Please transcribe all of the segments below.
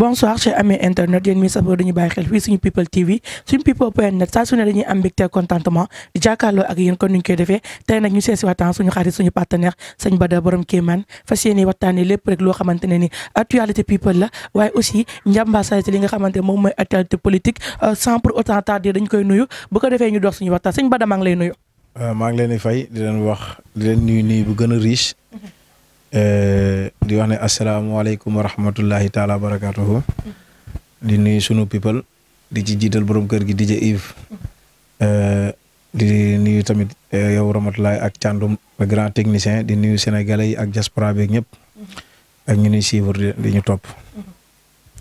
bonsoir chers amis internet yéen mi safoo dañu bàyyi xel fii suñu people tv suñu people point net saa su dañuy am mbégte contentement di jàkkaarloo ak yéen kon nuñ koy defee te nag ñu seesi waxtaan suñu xarit suñu partenaire sëñ Bada borom Kéemaan fas yéene waxtaanee lépp rek loo xamante ne ni actualité people la waaye aussi njàmbaasaay li nga xamante ne moom mooy actualité politique euh, sans pour autant tarder dañ koy nuyu bu ko defee ñu dox suñu waxtaan sëñ Bada maa ngi lay nuyu euh, maa ngi leen di fay wax leen nuyu nuyu bu gën a riche mhm. di wax ne asalaamaaleykum wa rahmatullahi taala wa barakaatuhu di nuyu sunu people di ci jiital borom kër gi DJ Yves di nuyu tamit eh, yow Ramatoulaye ak Thiandoum le grand technicien di nuyu sénégalais yi ak diaspora beeg ñëpp ak ñu nuy suivre di ñu topp.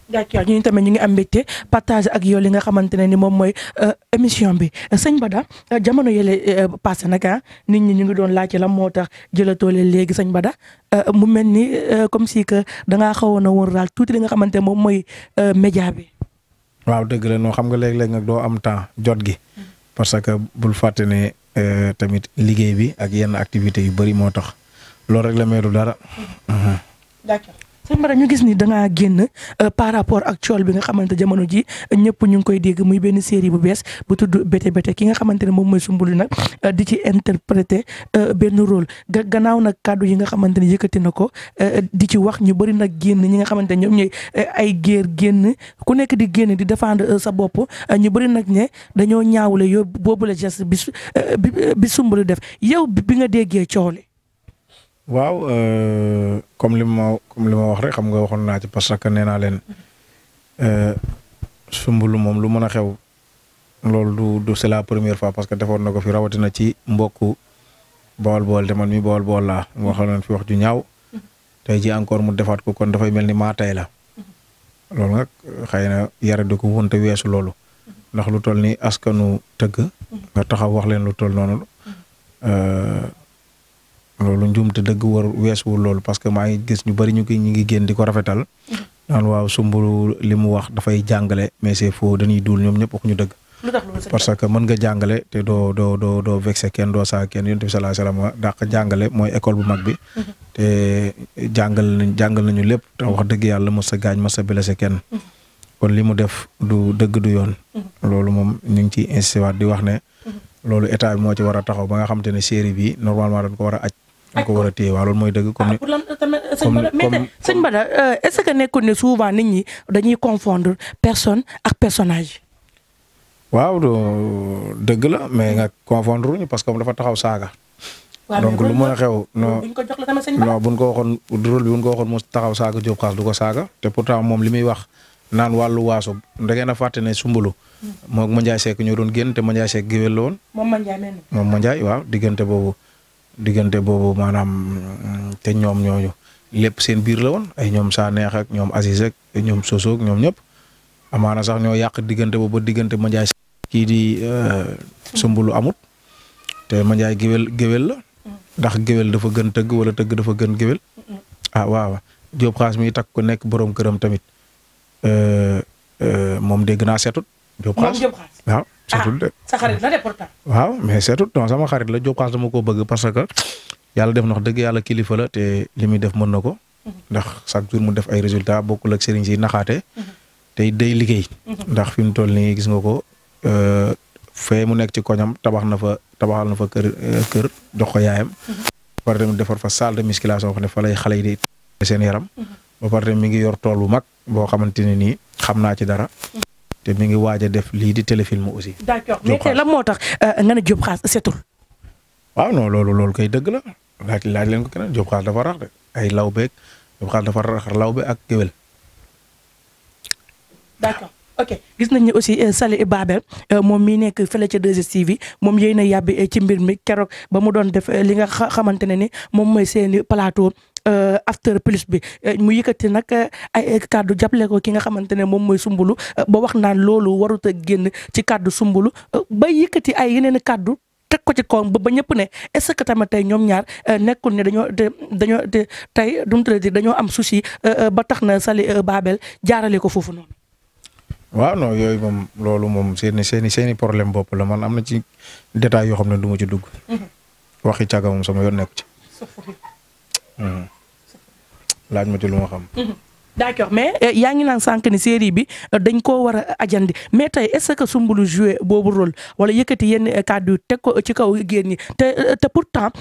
d'accord ñu tamit ñu ngi am mbégte partage ak yow li nga xamante ne ni moom mooy euh, émission bi sëñ Bada euh, jamono yële euh, passé nag ah nit ñi ñu ngi doon laajte la moo tax jëlatoo leen léegi ba da mu mel ni comme si que da ngaa xawoon a woon daal tuuti li nga xamante ne moom mooy média bi. waaw dëgg la noo xam nga léeg-léeg nga doo am temps jot gi. parce que bul fàtte ne tamit liggéey bi ak yenn activités yu bëri moo tax loolu rek la meeru dara. sëñ Bara ñu gis ni da génn euh, par rapport ak cool bi nga xamante jamono ji ñëpp ñu ngi koy dégg muy benn série bu bees bu tudd bété bété ki nga xamante ne moom mooy Soumboulou nag euh, di ci interpréter euh, benn rôle gannaaw nag kàddu yi nga xamante ne yëkkati na ko di ci wax ñu bëri nag génn ñi nga xamante ni ñoom ñooy ay géer génn ku nekk di génn di défendre sa bopp ñu bëri nag ne dañoo ñaawle yow boobu la geste bi bi Soumboulou def yow bi nga déggee coole waaw euh, comme li ma comme li ma wax rek xam nga waxoon naa ci parce que nee naa leen euh, sumbulu moom lu mën a xew loolu du du c'est la première fois parce que defoon na ko fi rawatina ci mbokku bool bool te man mi bool bool laa waxoon fi wax ju ñaaw te ji encore mu defaat ko kon dafay mel ni maa tey la loolu nag xëy na yara di ko wonte weesu loolu ndax lu toll ni askanu tëgg nga taxaw wax leen lu toll noonu euh, loolu njuumte dëgg war weesuwul loolu parce que maa ngi gis ñu bari ñu ngi ñu ngi génn di ko rafetal. Mm-hmm. naan waaw Soumboulou li mu wax dafay jàngale mais c'est faux dañuy duul ñoom ñëpp waxuñu dëgg. parce que mën nga jàngale te doo doo doo doo vexé kenn doo saa kenn yonent bi sallallahu alayhi wa mooy école bu mag bi. Mm-hmm. te jàngal nañ jàngal nañu lépp te wax dëgg yàlla mos a gaañ mos a blessé kenn. Mm-hmm. kon li mu def du dëgg du yoon. loolu moom ñu ngi ciy insisté waat di wax ne. loolu état bi moo ci war a taxaw ba nga xam te ne série bi normalement dañ ko war a aj dañ ko war a téye mooy dëgg comme ah, ni. Euh, euh, comme sëñ euh, est ce que nekkul ne souvent nit ñi dañuy confondre personne ak personnage. waaw dëgg la mais nga confondre ñu parce que dafa taxaw saaga. donc lu mën a xew. non non ko waxoon rôle bi buñ ko waxoon mu taxaw saaga Diop xaas du ko saaga te pourtant moom li muy wax. naan wàllu waaso da ngeen a fàtte Sumbulu. Hmm. moom Mandiaye Seck ñoo doon génn te Mandiaye Seck géwél la woon. moom Mandiaye mel diggante boobu. diggante boobu maanaam te ñoom ñooñu lépp seen biir la woon ay ñoom Sanex ak ñoom Aziz ñoom Soso ak ñoom ñëpp amaana sax ñoo yàq diggante boobu ba diggante Mandiaye kii di euh, sumbulu amut te Mandiaye géwél géwél la ndax géwel dafa gën tëgg wala tëgg dafa gën géwel ah waaw Diop xaas mi takk ko nekk boroom këram tamit euh, euh, moom dégg naa setut Diop xaas seetul de ah, waaw mais seetul non sama xarit la Diop dama koo bëgg parce que yàlla def ndax dëgg yàlla kilifa la te li muy def mën na ko. Mhm. ndax chaque jour mu def ay résultat bokkul ak sëriñ si naxaate. Mhm. tey dey liggéey. Mhm. ndax fi mu toll nii gis nga ko euh, fee mu nekk ci koñam tabax na fa tabaxal na fa kër euh, kër jox yaayam. ba pare tamit defar fa salle de musculation wax fa lay xale yi di seen yaram. ba pare tamit mi ngi yor tool bu mag boo xamante ne nii xam naa ci dara. te mi ngi waaj a def lii di téléfilm aussi. d'accord mais lan moo tax euh, nga ne Diop Khass setul. waaw non loolu loolu koy dëgg la laaj leen ko keneen Diop Khass dafa rax de ay law beeg Diop Khass dafa rax law be ak géwél. d'accord ok gis nañ ni aussi euh, Sali Babel euh, moom mii nekk fële ca 2STV moom yéen a yàbbi ci mbir mi keroog ba mu doon def li nga xamante ne ni moom mooy seeni plateau. Euh, after plus bi euh, mu yëkkati nag euh, ay kàddu jàppale ko ki nga xamante ne moom mooy sumbulu ba wax naan loolu warut a génn ci kaddu sumbulu ba yëkkati ay yeneen kàddu teg ko ci kawam ba ba ñëpp ne est-ce que tamit tey ñoom ñaar nekkul ne dañoo dañoo tey du mu dañoo am souci ba tax na Sali Babel jaarale ko foofu noonu. waaw non yooyu moom loolu moom seeni seeni seeni problème bopp la man am na ci détails yoo xam ne duma ci dugg. Mhm. waxi càgga moom sama yoon nekk ci. Mm-hmm. laaj ma ci lu ma xam. Mm-hmm. d'accord mais eh, yaa ngi naan sànq ni série bi eh, dañ koo war a eh, ajandi mais tey est-ce que Soumboulou joué boobu rôle wala yëkkati yenn kàddu teg ko ci kaw génn ñi te te pourtant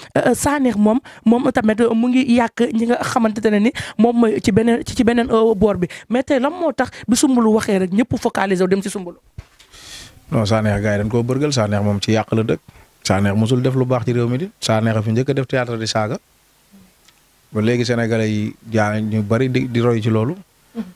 Sanex moom moom tamit mu ngi yàq ñi nga xamante ne ni moom mooy ci beneen ci beneen boor bi mais tey lan moo tax bi sumbulu waxee rek ñëpp focaliser wu dem ci Soumboulou. non Sanex gars yi dañ koo bërgal Sanex moom ci yàq la dëkk Sanex mosul def lu baax ci réew mi di Sanex fi njëkk def théâtre di saaga. ba léegi sénégalais yi jaa ñu bari di di roy ci loolu. Mm-hmm.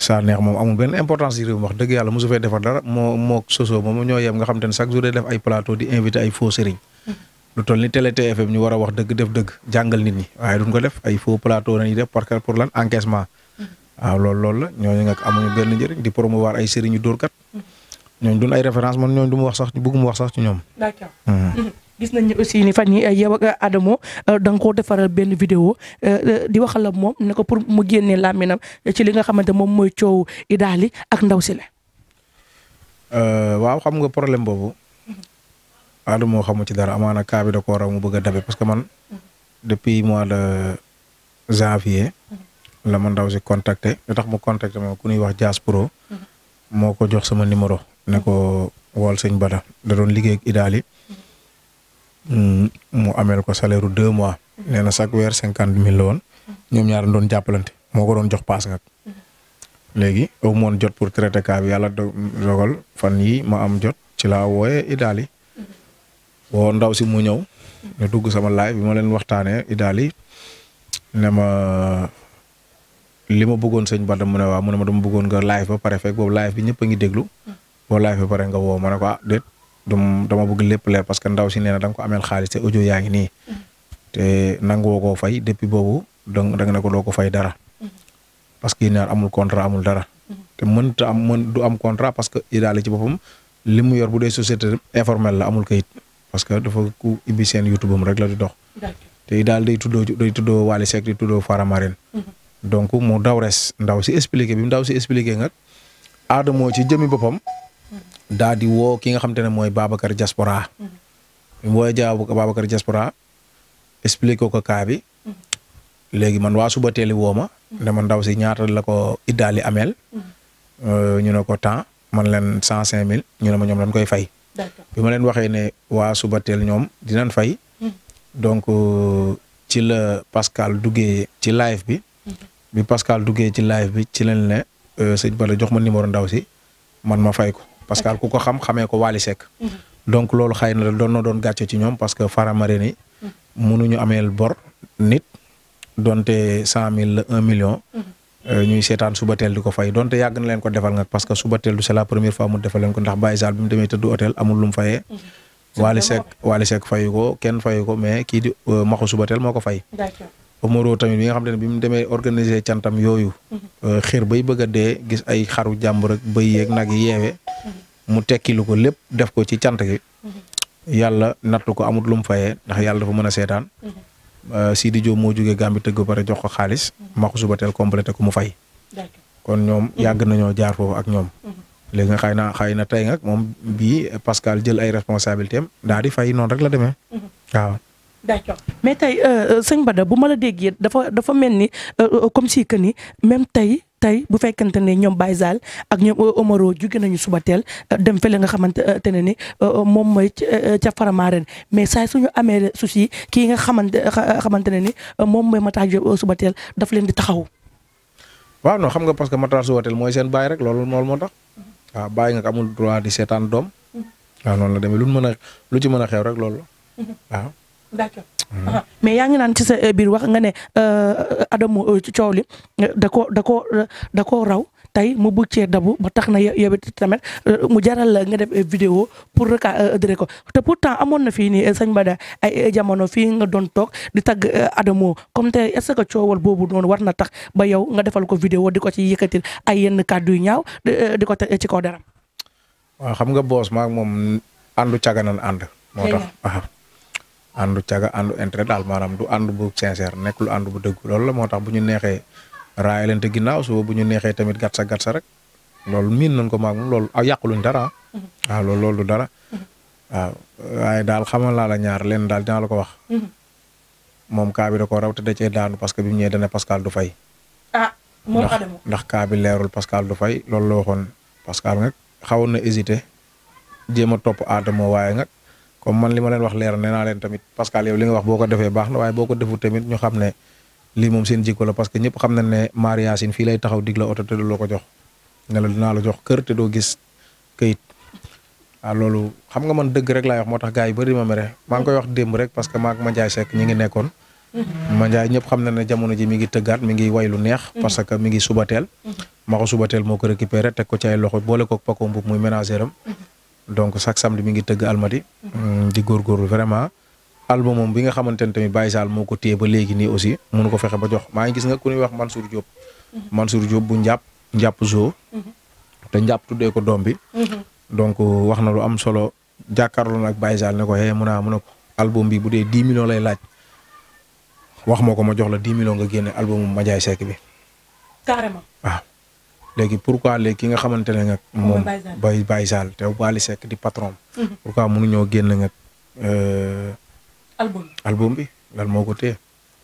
Sanekh moom amul benn importance ci réew mi wax dëgg yàlla mosu fee defar dara moo moo soso moom ñoo yem nga xam te ne chaque jour day def ay plateau di invité ay faux sëriñ. Mm-hmm. lu toll ni télé TFM ñu war a wax dëgg def dëgg jàngal nit ñi waaye duñ ko def ay faux plateau la ñuy def parce que pour lan encaissement. Mm-hmm. waaw lool loolu la ñooñu nag amuñu benn njëriñ di promouvoir ay sëriñu dóorkat. ñooñu duñ ay référence man ñooñu du ma wax sax bëgguma wax sax ci ñoom. gis nañ ne aussi ni fan yi eh, yow ak eh, Adamo eh, da koo defaral benn vidéo di waxal ak moom ne ko pour mu génnee làmminam ci li nga xamante moom mooy coow idaali ak ndaw si la. waaw xam nga problème boobu. Adamo xamu ci dara amaan a bi da ko war mu bëgg a dabe parce que man. depuis mois de janvier. la lama ndaw si contacter li tax mu contacter moom ku ñuy wax Dias Pro. Mhm. moo ko jox sama numéro. ne ko wool sëñ Bada da doon liggéey idaali Mm, mu ameel ko salaire de mois. nee na chaque weer cinquante mille la woon. ñoom ñaar doon jàppalante moo ko doon jox paas nag. léegi au moon jot pour traité cas bi yàlla dogal fan yi ma am jot ci laa wooyee Idaly. woo ndaw si mu ñëw. ñu dugg sama laay bi ma leen waxtaanee Idaly ne ma li ma bëggoon sëñ Bada mu ne waaw mu a ma dama bëggoon nga live ba pare fekk boobu live bi ñëpp a ngi déglu. boo live ba pare nga woo ko ah déet dum dama bëgg lépp leer parce que ndaw si nee na da nga ko ameel xaalis te audio yaa ngi nii mm-hmm. te nangoo koo fay depuis boobu donc da nga ne ko doo ko fay dara mm-hmm. parce que i ñaar amul contrat amul dara mm-hmm. te mënta am mën du am contrat parce que idaali ci boppam li mu yor bu dee société informelle la amul kayit parce que dafa ku ibi seen youtube am rek la di dox te idaal day tuddoo day tuddoo Wally Seck di tuddoo Faramareen donc mu daw ndaw si expliqué bi mu ndaw si expliqué nga aada moo ci jëmi boppam daa di woo ki nga xam te ne mooy Babacar Diaspora. bi mm-hmm. mu woowee Babacar Diaspora expliqué ko kaa bi. Mm-hmm. léegi man waa suba teeli woo ma. Mm-hmm. ne ma ndaw si ñaata la ko iddaali ameel. Euh, ñu ne ko temps man leen cent cinq mille ñu ne ma ñoom dañ koy fay. bi ma leen waxee ne waa suba teel ñoom dinan fay. donc euh, ci la Pascal duggee ci live bi. bi Pascal duggee ci live bi ci lañ ne euh, sëñ Bada jox ma numéro ndaw si man ma fay ko. Pascal ku ko xam xamee ko Wally Seck mhm. donc loolu xëy na doon na doon gàcce ci ñoom parce que faramare Faramareen yi mhm. ñu ameel bor nit donte cent mille la un million mhm. euh, ñuy seetaan suba teel di ko fay donte yàgg na leen ko defal nga parce que suba teel du c'est la première fois mu defal leen ko ndax Baye Sall bi mu demee tëdd hôtel amul lu mu fayu ko kenn fayu ko mais kii di euh, maxu suba teel moo ko fay Omaro tamit bi nga xam ne bi mu demee organiser cantam yooyu. Mhm. Euh, xër bay bëgg a dee gis ay xaru jàmbur ak bëy yeeg nag yi yeewe mhm. mu tekkilu ko lépp def ko ci cant gi. Mhm. yàlla nattu ko amut lu mu fayee ndax yàlla dafa mën a seetaan. Euh, Sidi Diop moo jógee Gambie tëgg ba pare jox ko xaalis. Makou Soubatel complété ko mu fay. kon ñoom yàgg nañoo jaar foofu ak ñoom. léegi xay na xay na tey nag moom bii Pascal jël ay responsabilités am daal di fay noonu rek la demee. d'accord mais tey euh, euh, sëñ Bada bu ma la déggee dafa dafa mel ni euh, comme si que ni même tey tey bu fekkente ne ñoom Baye Zal ak ñoom Omaro jóge nañu suba teel dem fële nga xamante ne ni moom mooy ca Faramaren mais saa suñu amee souci kii nga xamante xamante ne ni moom mooy Matar Diop suba teel daf leen di taxaw. waaw non xam nga parce que Matar suba teel mooy seen baay rek loolu loolu moo tax waaw bàyyi nga ko amul droit di seetaan doom mm-hmm. waaw noonu la demee lu mën a lu ci mën a xew rek loolu d'accord ah. mais yaa ngi naan ci sa euh, biir wax nga ne euh, euh, ci coow li da ko da ko da koo raw tey mu bëgg cee dabu ba tax na yow tamit mu jaral la nga def vidéo pour recadrer ko te pourtant amoon na fii nii sëñ Bada ay jamono fii nga doon toog di tagg Adamo comme te est-ce que coowal boobu noonu war na tax ba yow nga defal ko vidéo di ko ci yëkkatil ay yenn kàddu yu ñaaw di ko ci kaw dara. xam nga boos maak moom àndu caganan ànd. moo tax àndu caga àndu intérêt daal maanaam du ànd bu sincère nekk lu ànd bu dëggu loolu la moo tax bu ñu neexee raayalante ginnaaw suba bu ñu neexee tamit gat sa gat rek loolu miin nañ ko maag moom loolu aw yàquluñ dara mm-hmm. waaw loolu loolu du dara mm-hmm. waaw waaye daal xamal laa la ñaar leen daal dinaa ko wax mm-hmm. moom kaa bi da ko raw te da cee daanu parce que bi mu ñëwee dane Pascal du fay ah ndax kaa bi leerul Pascal du fay loolu la waxoon Pascal nag xawoon na hésité jéem a topp Adamo waaye nag comme man li ma leen wax leer nee naa leen tamit Pascal yow li nga wax boo ko defee baax na waaye boo ko defut tamit ñu xam ne lii moom seen jikko la parce que ñëpp xam nañ ne Marie Yacine fii lay taxaw dig la oto te du la ko jox ne la dinaa jox kër te doo gis këyit waaw ah, loolu xam nga man dëgg rek laay wax moo tax gars yi bëri ma mere maa ngi koy wax démb rek parce que maa ma Mandiaye Seck ñi ngi nekkoon. Mm-hmm. Mandiaye ñëpp xam na ne jamono ji mi ngi tëggaat mi ngi way lu neex. Mm-hmm. parce que mi ngi subateel. Mm-hmm. ma ko subateel moo ko récupéré ko ci ay loxo boole ko Paco Mboup muy ménagère am donc chaque samedi mi ngi tëgg almadi mm, di góorgóorlu vraiment album moom bi nga xamante ne tamit Baye moo ko téye ba léegi nii aussi mënu ko fexe ba jox maa ngi gis nga ku ñuy wax Mansour Diop mm-hmm. Mansour Diop bu njàpp njàpp zoo mm-hmm. te njàpp tuddee ko doom bi mm-hmm. donc wax na lu am solo jàkkaarloo nag Baye Sall ne ko hee mun a mun a ko album bi bu dee dix millions lay laaj wax moo ko ma jox la dix millions nga génne album Madiaye Seck bi carrément waaw ah. léegi pourquoi léegi ki nga xamante ne nag moom bay Baye Sall te Wally Seck di patron mhm. pourquoi mënuñoo génn nag euh, album album bi lan moo ko té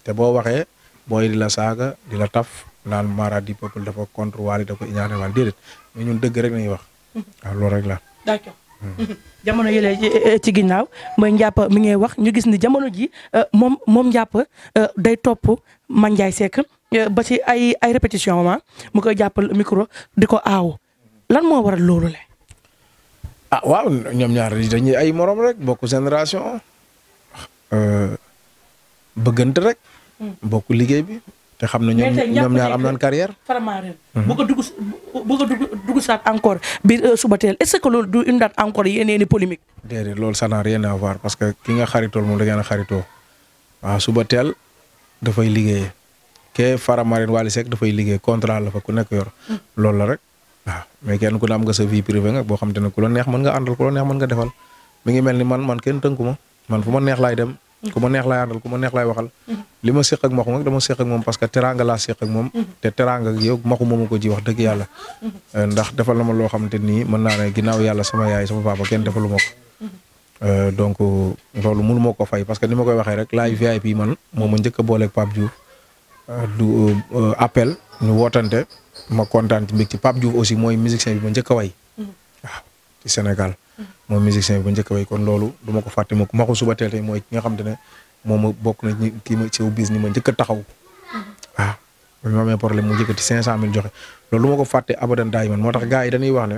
te boo waxee booy di la saaga di la taf naan mara di peuple dafa contre Wally da ko iñaane Wally déedéet mais ñun dëgg rek lañuy wax mhm. waaw loolu rek la d'accord mhm. jamono yëlee ci ginnaaw mooy njàpp mi ngay wax ñu gis ni jamono ji euh, moom moom njàpp euh, day topp Mandiaye Seck Eh, ba si ay ay répétition ma mu koy jàppal micro di ko aaw lan moo waral loolu le a ah, waaw ñoom ñaar dañuy ay morom rek bokk génération eh, bëggante rek. Hmm. bokk liggéey bi. te xam na ñoom ñoom ñaar am naan carrière. faramaare hmm. bu dugg bu ko dugg saat encore bi euh, suba teel est ce que loolu du indaat encore yeneen i polémique. déedéet loolu ça n'a rien à voir parce que ki nga xaritool moom da ngeen a xaritoo waaw suba teel dafay liggéeyee kee Fara Marine Waly Seck dafay liggéey contrat la fa ku nekk yor loolu la rek waaw mais kenn ku am nga sa vie privée nga boo xam te ne ku la neex mën nga àndal ku neex mën nga defal mi ngi mel ni man man ken tënku ma man fu ma neex dem ku ma neex laay àndal ku ma neex laay waxal li ma séq ak maxu nag dama séq ak moom parce que teranga laa séq ak moom te teranga ak yow maxu moomu ko ji wax dëgg yàlla euh, ndax defal na ma loo xam te ni mën naa ne ginnaaw yàlla sama yaay sama papa kenn defalu ma ko euh, donc parce que ni ma koy waxee rek laay VIP man moo ma njëkk a booleeg Euh, du euh, euh, appel nu wootante ma kontaan ci bég ci pap Diouf aussi mooy musicien bi ma njëkk a way mm-hmm. waaw ci Sénégal mm-hmm. mooy musicien bi ma njëkk a way kon loolu du ma ko fàtte ma ma ko suba teel tey mooy ki nga xam ne moom bokk na kii ma ci bis ma njëkk a taxaw mm-hmm. waaw bu ñu amee problème mu njëkkati cinq cent mille joxe loolu du ma ko fàtte abadan daay man moo tax gars yi dañuy wax ne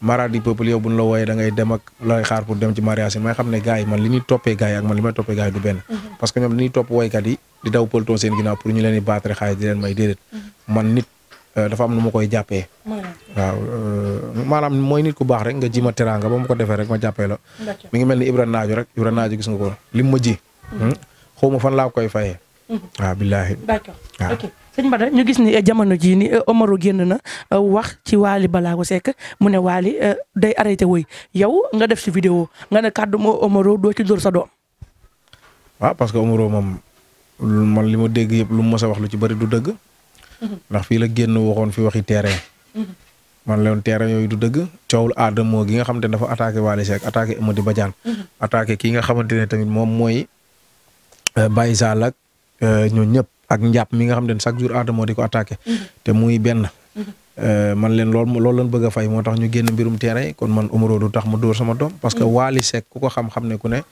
mara du peuple yow bu ñu la wooyee da ngay dem ak looy xaar pour dem ci mariage may xam ne gars yi man li ñuy toppee gars yi ak man li may toppee gars yi du benn mhm. parce que ñoom li ñuy topp woykat yi di daw pëltoon seen ginnaaw pour ñu leen baatre xaalis di leen may déedéet mhm. man nit euh, dafa am nu ma koy jàppee waaw euh, maanaam mooy nit ku baax rek nga ji ma teraanga ba ma ko defee rek ma jàppee la mi ngi mel ni Ibra Naajo rek Ibra Naajo gis nga ko lim ma ji mhm. hmm? xaw ma fan laa koy fayee waaw sëñ Bada ñu gis ni eh, jamono jii ni eh, Omaro génn na eh, wax ci balaa ko Seck mu ne Waly day arrêté woy yow nga def si vidéo nga ne kàddu moo doo ci sa doom. waaw ah, parce que Omaro moom man li ma dégg yëpp lu mu mës a wax lu ci bari du dëgg. ndax fii la génn waxoon fi waxi terrain. man leen terrain yooyu du dëgg coowul aada moo gi nga xamante ne dafa attaqué Waly Seck attaqué Amady Badiane. attaqué kii nga xamante ne tamit moom mooy Baye Sall ak ñooñu ñëpp. ak njàpp mi nga xam ne chaque jour aadamoo di ko attaqué. te muy benn. Euh, man leen lool loolu lañ bëgg a fay moo tax ñu génn mbirum terrain kon man Omaro du tax mu dóor sama doom. parce que Wally Seck ku ko xam-xam ne ku ne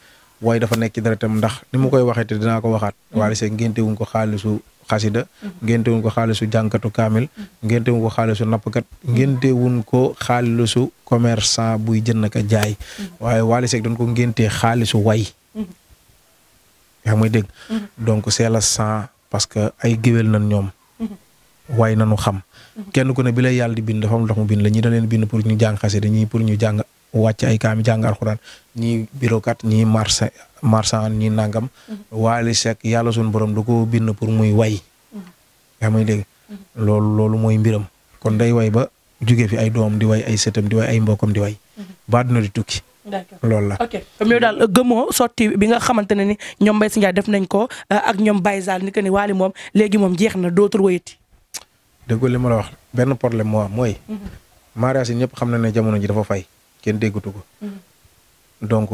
waaye dafa nekk ci mu ndax ni mu koy waxee te dinaa ko waxaat. Wally Seck ngénte wuñ ko xaalisu xasida. ngénte wuñ ko xaalisu jànkatu kaamil. ngénte wuñ ko xaalisu nappkat. ngénte wun ko xaalisu commerçant buy jënd ka jaay. waaye Wally Seck dañ ko ngéntee xaalisu way. yaa may dégg. Mm-hmm. parce que ay géwél nañ ñoom. Mm-hmm. way nañu xam. Mm-hmm. kenn ku ne bi lay yàlla di bind dafa am ndox mu bind la ñi da leen bind pour ñu jàng xasida ñii pour ñu jàng wàcc ay kaami jàng alxuraan ñii birokat ñii marsa marsan ñii nangam. Mm-hmm. waali sekk yàlla suñu borom da ko bind pour muy way. yaa may dégg loolu loolu mooy mbiram kon day way ba jóge fi ay doom di way ay sëtam di way ay mbokkam di way. ba àdduna di tukki. d'accord loolu la ok yow daal gëmoo sotti bi nga xamante ne ni ñoom bay si Ndiaye def nañ ko euh, ak ñoom Baye Zal ni que ni Wally moom léegi moom jeex na dootul wéyati. dëgg li ma la wax benn problème moo am mooy. Mhm. mariage yi ñëpp xam na ne ji dafa fay kenn déggatu ko. Mhm. donc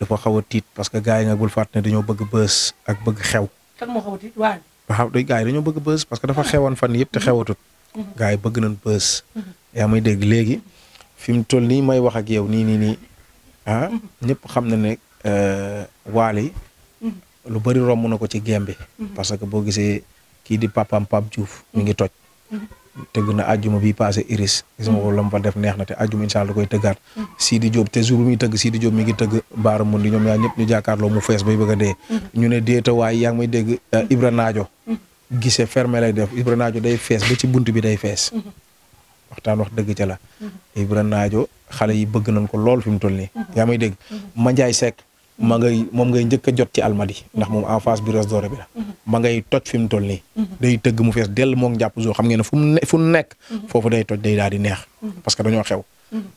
dafa xaw a tiit parce que gars yi nga dañoo bëgg bës ak bëgg xew. kan moo xaw a tiit waaye. waaw gars bëgg bës parce que dafa xewoon fan yëpp te mhm. xewatut. yi bëgg nañ bës. yaa may dégg léegi fi mu toll nii may wax ak yow nii nii nii ah ñëpp xam na ne euh, Waly lu bëri romb na ko ci gem bi mhm. parce que boo gisee kii di papam Pape Diouf mi ngi mhm. toj mhm. tëgg na ajjuma bi passé Iris gis nga ko lam fa def neex na te ajjuma incha allah da koy tëggaat di Diop te jour bi muy tëgg di Diop mi ngi tëgg baara mun di ñoom yaa ñëpp ñu jàkkaarloo mu fees bay bëgg a dee ñu ne déeta waaye yaa ngi may dégg euh, Ibra Naajo gisee ferme lay def Ibra Naajo day fees ba ci bunt bi day fees waxtaan wax dëgg ca la. Mm-hmm. Ibra Naajo xale yi bëgg nañ ko lool fi mu toll nii. Mm-hmm. yaa may dégg mm-hmm. Mandiaye Seck ma ngay moom ngay njëkk a jot ci almadi ndax moom en face bi res doore bi la. ma ngay toj fi mu toll nii. day tëgg mu fees dell moom jàpp zoo xam ngeen fu nekk. foofu day toj day daal neex. parce dañoo xew.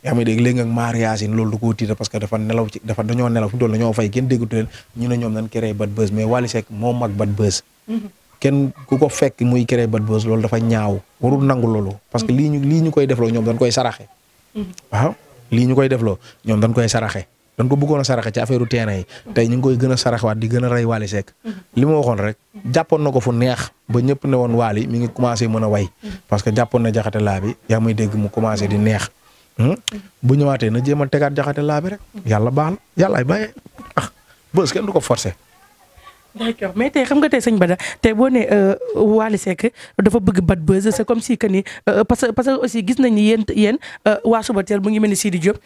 yaa may dégg léegi ak mariage yi loolu du ko tiita parce dafa nelaw ci dafa dañoo nelaw fi toll nii dañoo fay kenn déggatu leen ñu ne ñoom nañ créé bad buzz kenn ku ko fekk muy créer bad buzz loolu dafa ñaaw warul nangu loolu. parce que lii ñu lii ñu koy defloo ñoom dañ koy saraxe. waaw lii ñu koy defloo ñoom dañ koy saraxe dañ ko bëggoon a saraxe ci affaire terrain tey ñu koy gën a saraxewaat di gën a rey Wally Seck. Mm-hmm. li ma waxoon rek jàppoon na ko fu neex ba ñëpp ne woon Wally mi ngi commencé mën a way. Mm-hmm. parce que jàppoon na jaxate laa bi yaa may dégg mu commencé di neex. Hmm? Mm-hmm. bu ñëwaatee na jéem a tegaat jaxate laa bi rek. yàlla baal yàllaay bàyyee ah bës kenn du ko forcer. d'accord mais tey xam nga tey sëñ Bada tey boo nee euh, Wally Seck dafa bëgg bad buzz c'est comme si que ni euh, parce que parce que aussi gis nañ ni yéen yéen euh, waa suba mu ngi mel ni Sidi Diop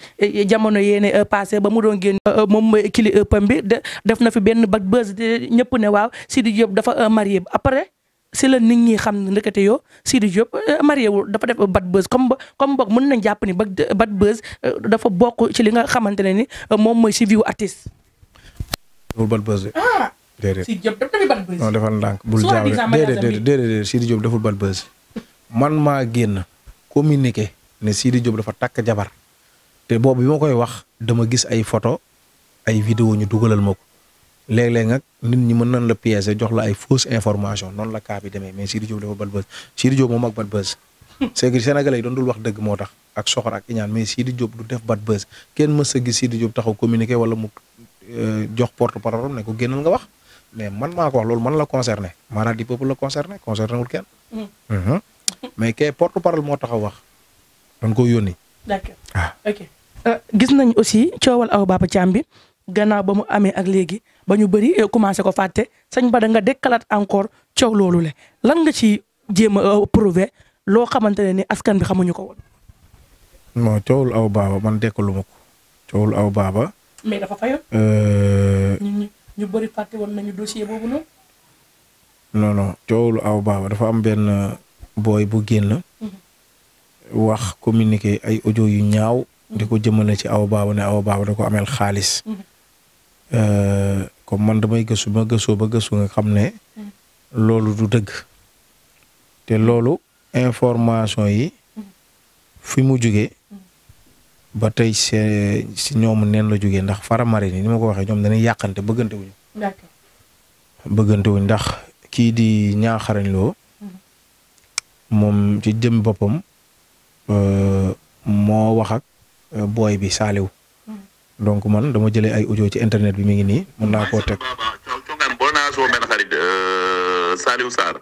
jamono yéen passé ba mu doon génn moom kili pëm bi def na fi benn bad buzz ñëpp ne waaw Sidi Diop dafa marié après si la nit ñi xam ne ndekete yoo Sidi Diop marié wul dafa def bad buzz comme comme boog mën nañ jàpp ni ba bad buzz dafa bokk ci li nga xamante ne ni moom mooy si viwu artiste. bad déedéet Sidi Diop dafa defal bad buzz. non defal ndànk bul jaawle déedéet déedéet Sidi Diop deful bad buzz. man maa génn communiqué ne Sidi Diop dafa takk jabar te boobu bi ma koy wax dama gis ay photo ay vidéo ñu dugalal ma ko léeg-léeg nag nit ñi mën nañ la piéger jox la ay fausse information noonu la kaa bi demee mais Sidi Diop dafa bad buzz Sidi Diop moom ak bad buzz. c'est que sénégalais yi doon dul wax dëgg moo tax ak soxor ak iñaan mais Sidi Diop du def bad buzz kenn mës a gis Sidi Diop taxaw communiqué wala mu euh, jox porte parole ne ko génnal nga wax. mais man maa wax loolu man la concerné maanaam di peuple la concerné concerné wul kenn. Mm. Mhm. mais kay porte parole moo tax a wax dañ ko yónni. Ah. Euh, gis nañ aussi coowal aw Baba Thiam bi gannaaw ba mu amee ak léegi ba ñu bëri euh, commencé ko fàtte sañ ba nga dekkalaat encore coow loolu le lan nga ci jéem a euh, prouvé loo xamante ne ni askan bi xamuñu ko woon. non coowul aw Baba man dekkaluma ko coowul aw Baba. mais dafa fayoon. ñu bëri fàtte woon nañu dossier boobu noonu. non non aw baaba dafa am benn booy bu génn. Mhm. wax communiqué ay ojo yu ñaaw. Mhm. di ko jëmale ci aw baaba ne aw baaba da ko ameel xaalis. Mhm. Euh, comme man damay gëstu ma gëstoo ba gëstu nga xam ne. loolu du dëgg. te loolu information yi. fi mu jógee ba tey see si ñoom neen la jógee ndax faramare ni ni ma ko waxee ñoom dañuy yàqante bëggante wuñu bëggante wuñ ndax kii di ñaaxarañ loo moom ci jëm boppam euh, moo wax ak euh, booy bi saaliw mm-hmm. donc man dama jële ay audio ci internet bi mi ngi nii mën naa koo teg euh, Saliou Sarr.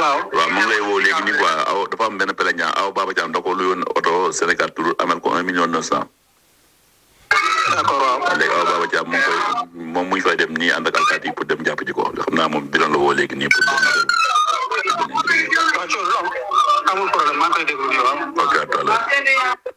waaw waaw mu ngi lay woo léegi nii quoi aw dafa am benn peleña Baba Thiam da ko luyoon oto Sénégal tour amal ko un million neuf cent. d'accord waaw. léegi aw Baba Thiam mu ngi koy moom muy fay dem nii ànd ak alkaati pour dem jàpp ji ko xam naa moom bi doon la woo léegi nii pour. amul a maa ngi koy déglu ok à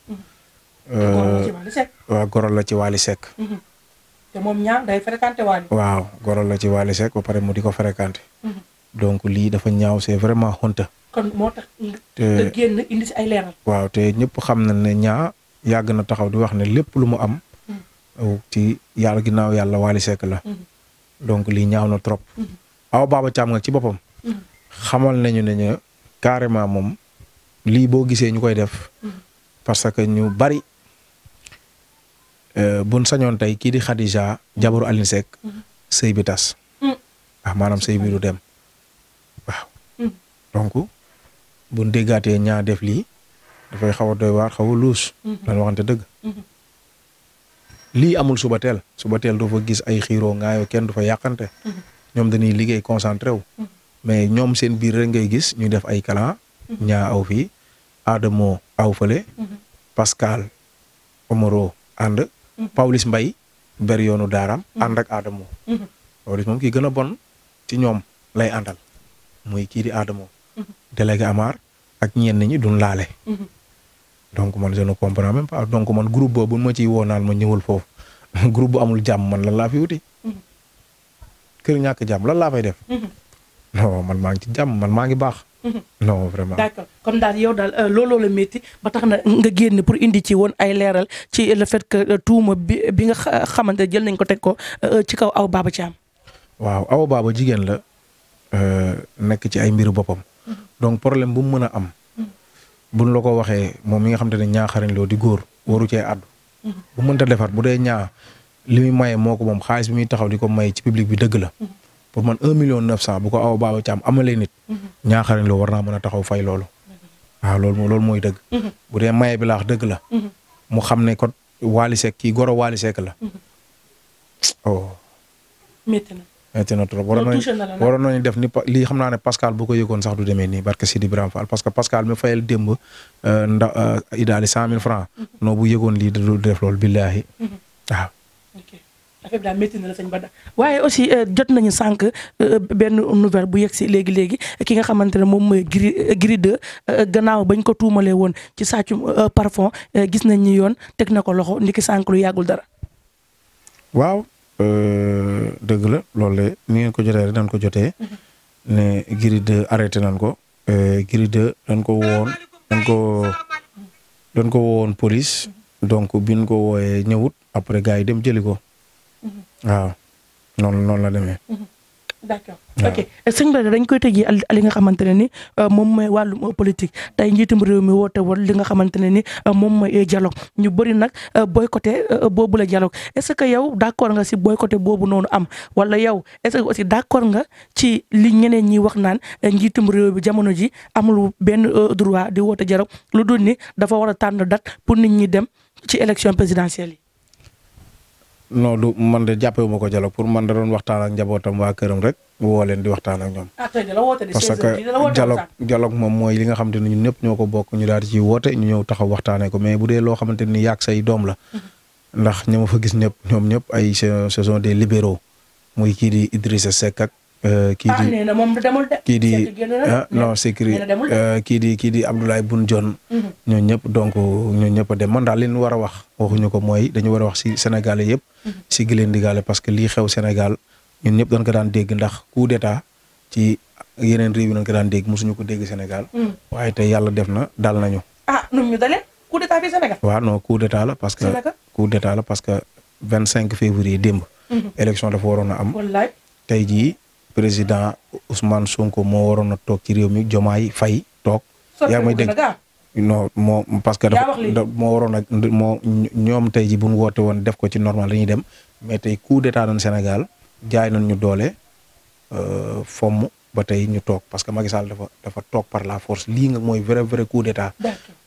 Euh, waaw gorol la ci Wally Seck mhm. moom ñaar day fréquenté la ci Wally Seck ba pare mu di ko fréquenté mhm. donc lii dafa ñaaw c'est vraiment honte kon moo tax nga te ñëpp xam na ne ñaa yàgg na taxaw di wax ne lépp lu mu am mhm. ci yàlla ginnaaw yàlla Wally Seck la donc lii ñaaw na trop aw baaba caam nga ci boppam xamal nañu ne ñu carrément moom lii boo gisee ñu koy def parce que ñu bari Euh, buñ sañoon tey kii di Khadija jabaru Alioune Seck mm-hmm. sëy bi tas waaw mm. ah, maanaam sëy bi du dem waaw mm. donc buñ déggaatee ñaa def li dafay xaw a doy xaw a luus mm-hmm. dañ waxante dëgg mm-hmm. lii amul suba teel suba teel doo fa gis ay xiiro ngaayoo kenn du fa yàqante ñoom dañuy liggéey concentré wu mais ñoom seen biir rek ngay gis ñuy def ay kalan ñaa aw fii Adamo aw fële Pascal Omaro ànd Pawlish Mbaye ber yoonu daara mhm. ànd ak Adamo mhm. Pawlish moom kii gën a bon ci ñoom lay àndal muy kii di Adamo mhm. délégué Amar ak ñenn ñi duñ laale donc man je ne comprends même pas donc man groupe boobu ma ciy woo naan ma ñëwal foofu groupe bu amul jàmm man lan laa fi wuti kër ñàkk jàmm lan laa def non man maa ngi ci man maa ngi baax non vraiment d'accord comme daal yow daal euh, looloo la métti ba tax na nga génn pour indi ci woon ay leeral ci le fait que euh, tuuma bi bi nga xamante jël nañ ko teg ko euh, ci kaw aw baaba ci am waaw aw baaba jigéen la nekk ci ay mbiru boppam donc problème bu mu mën a am buñ la ko waxee moom mi nga xam te ne ñaaxarañ loolu di góor waru cee add mhm. bu ta defar bu dee ñaa li muy maye moo ko moom xaalis bi muy taxaw di ko may ci public bi dëgg la pour man un million neuf cent bu ko aw baaba caam amalee nit. Mhm. ñaaxarañ loo war naa a taxaw fay loolu. waaw mhm. ah, loolu loolu mooy dëgg. Mhm. bu dee maye bi laax dëgg la. mu xam ne kon Wally Seck kii goro Wally Seck la. oh. métti na métti na trop waroon nañu waroon nañu def ni lii xam naa ne bu ko yëgoon sax du demee nii barke Sidi Ibrahima Fall parce que Pascal mi fayal démb euh, ndax euh, idaali cent mille francs noo bu yëgoon lii du def lool billaahi waaw. affaire bi daal métti na la sëñ waaye aussi euh, jot nañu sànq euh, benn nouvelle bu yegg si léegi léegi ki nga xamante ne moom mooy gri euh, gri de gannaaw bañ ko tuumalee woon ci sàccum parfum gis nañ ni yoon teg na ko loxo ndiki sànq lu yàggul dara. waaw dëgg la loolu ni ngeen ko jotee rek dañ ko jotee mm-hmm. ne gri de arrêté ko gri de dañ ko woon dañ ko dañ ko woon police mm-hmm. donc biñ ko wooyee ñëwut après gars yi dem jëli ko. waaw noonu noonu la demee. Mhm. d'accord ok sëñ Bada dañ koy tëjee li nga xamante ne ni euh, moom mooy wàllum euh, politique tey njiitum réew mi woote woon li nga xamante ne ni euh, moom mooy dialogue ñu bëri nag boycotté boobu la dialogue est-ce que yow d'accord nga si boycotté boobu noonu am wala yow est-ce que nga ci li ñeneen ñi wax naan njiitum réew bi jamono ji amul benn droit di woote dialogue lu dul ni dafa war a tànn date pour nit ñi dem ci élection présidentielle yi. non du man ko dialogue pour man da doon waxtaan ak njabootam waa këram rek woo leen di waxtaan ak ñoom. Ah, parce que dialogue dialogue moom mooy li nga xamante ne ñun ñëpp ñoo ko bokk ñu daal di ci woote ñu ñëw taxaw waxtaanee ko mais bu dee loo xamante ni yàgg say doom la. ndax ña ma fa gis ñëpp ñoom ñëpp ay ce sont des libéraux muy kii di Eh, ah, kii di kii di ah non sécurité eh, kii di kii di Abdoulaye Boun Dionne mhm. ñoo ñëpp donc ñoo ñëpp a dem man daal li ñu war a wax waxuñu ko mooy dañu war a wax si Sénégalais yëpp mhm. si gileen digaale parce que lii xew Sénégal ñun ñëpp dañ ko daan dégg ndax coup d'état ci yeneen réew yi dañ ko daan dégg mosuñu ko dégg Sénégal mhm. waaye tey yàlla def na dal nañu ah nu ñu coup d'état la parce que coup d'état la parce que vingt cinq février démb élection dafa waroon a am tey jii président Ousmane Sonko moo waroon a toog ci réew mi Jomaay Fay toog. yaa may dégg ah. non moo parce que dafa moo waroon a moo ñoom tey ji bu woote woon def ko ci normal dañuy dem mais tey coup d'état nañ Sénégal jaay nañ ñu doole euh, fomm ba tey ñu toog parce que Macky Sall dafa dafa toog par la force lii nga mooy vrai vrai coup d'état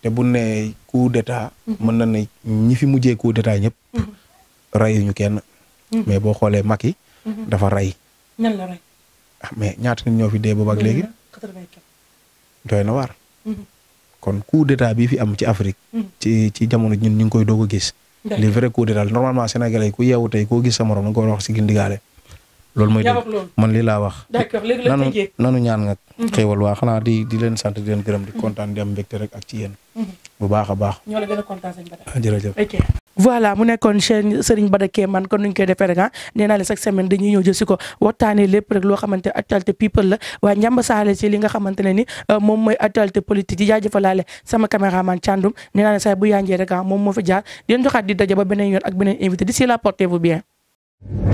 te bu ne coup d'état mhm. mën na ne ñi fi mujjee coup d'état ñëpp mhm. rayuñu kenn mhm. mais boo xoolee Macky dafa rey ah mais ñaata ñoo fi dee boobu ak léegi. doy na waar. Mhm. kon coup d'état bi fi am ci Afrique. Mhm. ci ci jamono ñun ñu ngi koy doog a gis. les vrais coups d'état normalement sénégalais ku yeewu tey ko gis sa morom nga ko wax si gindigaale. loolu mooy dégg man lii laa wax. la tëjee nanu ñaan nga. Mhm. xéwal wa xanaa di di leen sant di leen gërëm di kontaan di am mbégte rek ak ci yéen. bu baax a baax. voilà mu nekkoon chaîne Serigne Bada Kéemaan kon nuñ koy defee rek ah nee naa la chaque semaine dañuy ñëw jël si ko waxtaanee lépp rek loo xamante actualité people la waaye njàmba saale si li nga xamante ne ni euh, moom mooy actualité politique yi jaajëfalaale sama caméraman Thiandoum nee naa la saa bu yaanjee rek ah moom moo fi jaar di leen di daje ba beneen yoon ak beneen invité d'ici là portez-vous bien